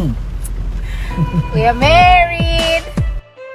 We are married.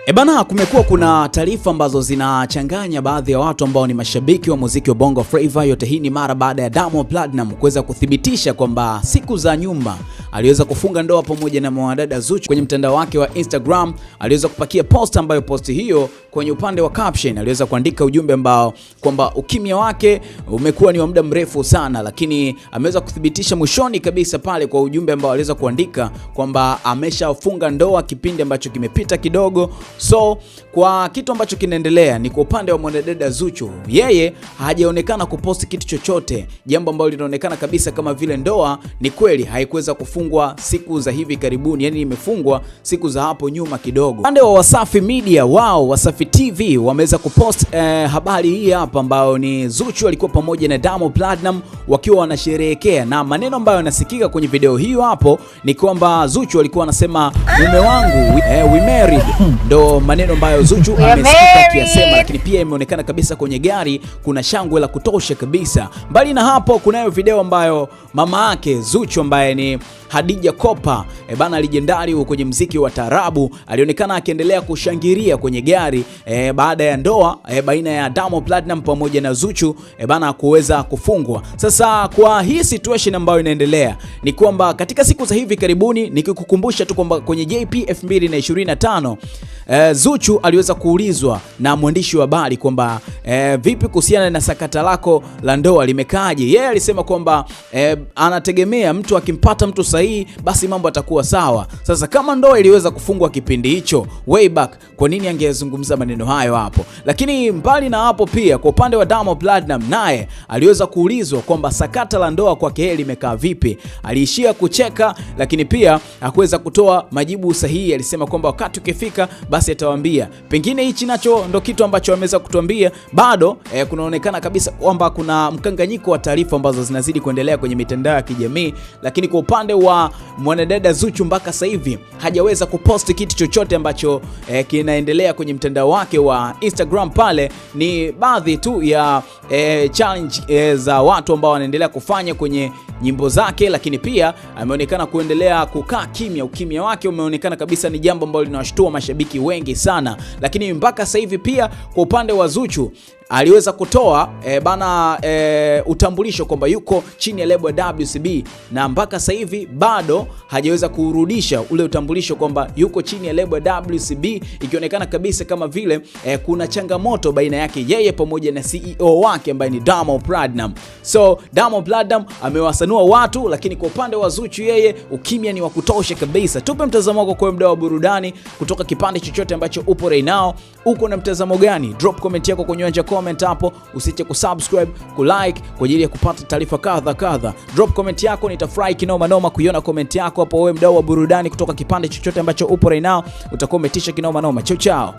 Ebana, kumekuwa kuna taarifa ambazo zinachanganya baadhi ya watu ambao ni mashabiki wa muziki wa Bongo Flava. Yote hii ni mara baada ya Diamond Platnumz kuweza kuthibitisha kwamba siku za nyuma aliweza kufunga ndoa pamoja na mwanadada Zuchu. Kwenye mtandao wake wa Instagram aliweza kupakia post ambayo post hiyo kwenye upande wa caption aliweza kuandika ujumbe ambao kwamba ukimya wake umekuwa ni wa muda mrefu sana, lakini ameweza kuthibitisha mwishoni kabisa pale kwa ujumbe ambao aliweza kuandika kwamba ameshafunga ndoa kipindi ambacho kimepita kidogo. So kwa kitu ambacho kinaendelea ni kwa upande wa mwanadada Zuchu, yeye hajaonekana kuposti kitu chochote, jambo ambalo linaonekana kabisa kama vile ndoa ni kweli haikuweza imefungwa siku za hivi karibuni, yani imefungwa siku za hapo nyuma kidogo. Upande wa Wasafi Media wao, Wasafi TV wameweza kupost eh, habari hii hapa ambayo ni Zuchu alikuwa pamoja na Diamond Platinum wakiwa wanasherehekea, na maneno ambayo yanasikika kwenye video hiyo hapo ni kwamba Zuchu alikuwa anasema mume wangu eh, we married, ndo maneno ambayo Zuchu amesikika akiyasema, lakini pia imeonekana kabisa kwenye gari kuna shangwe la kutosha kabisa. Mbali na hapo, kunayo video ambayo mama yake Zuchu ambaye ni Hadija Kopa e bana, huko kwenye mziki wa tarabu, alionekana akiendelea kushangilia kwenye gari e, baada ya ndoa e, baina ya Diamond Platinum pamoja na Zuchu e bana kuweza kufungwa. Sasa kwa hii situation ambayo inaendelea ni kwamba katika siku za hivi karibuni, nikikukumbusha tu kwamba kwenye JP 2025 e, Zuchu aliweza kuulizwa na mwandishi wa habari kwamba e, vipi kuhusiana na sakata lako la ndoa limekaaje? Yeye alisema kwamba e, anategemea mtu akimpata mtu sahihi hii, basi mambo atakuwa sawa. Sasa kama ndoa iliweza kufungwa kipindi hicho way back, kwa nini angezungumza maneno hayo hapo? Lakini mbali na hapo, pia kwa upande wa Diamond Platnumz, naye aliweza kuulizwa kwamba sakata la ndoa kwake yeye limekaa vipi, aliishia kucheka, lakini pia hakuweza kutoa majibu sahihi. Alisema kwamba wakati ukifika, basi atawaambia. Pengine hichi nacho ndo kitu ambacho ameweza kutuambia bado. Eh, kunaonekana kabisa kwamba kuna mkanganyiko wa taarifa ambazo zinazidi kuendelea kwenye mitandao ya kijamii, lakini kwa upande kuwa mwanadada Zuchu mpaka sasa hivi hajaweza kuposti kitu chochote ambacho eh, kinaendelea kwenye mtandao wake wa Instagram. Pale ni baadhi tu ya eh, challenge eh, za watu ambao wanaendelea kufanya kwenye nyimbo zake, lakini pia ameonekana kuendelea kukaa kimya. Ukimya wake umeonekana kabisa ni jambo ambalo linawashtua mashabiki wengi sana, lakini mpaka sasa hivi pia kwa upande wa Zuchu aliweza kutoa e, bana e, utambulisho kwamba yuko chini ya lebo ya WCB na mpaka sasa hivi bado hajaweza kurudisha ule utambulisho kwamba yuko chini ya lebo ya WCB, ikionekana kabisa kama vile e, kuna changamoto baina yake yeye pamoja na CEO wake ambaye ni Diamond Platnumz. So Diamond Platnumz amewasanua watu, lakini kwa upande wa Zuchu yeye ukimya ni wa kutosha kabisa. Tupe mtazamo wako kwa mda wa burudani kutoka kipande chochote ambacho upo right now. Uko na mtazamo gani? Drop comment yako kwenye comment hapo, usiche kusubscribe, kulike kwa ajili ya kupata taarifa kadha kadha. Drop comment yako, nitafurahi kinoma noma kuiona comment yako hapo. Wewe mdau wa burudani kutoka kipande chochote ambacho upo right now, utakuwa umetisha kinoma noma. Chao chao.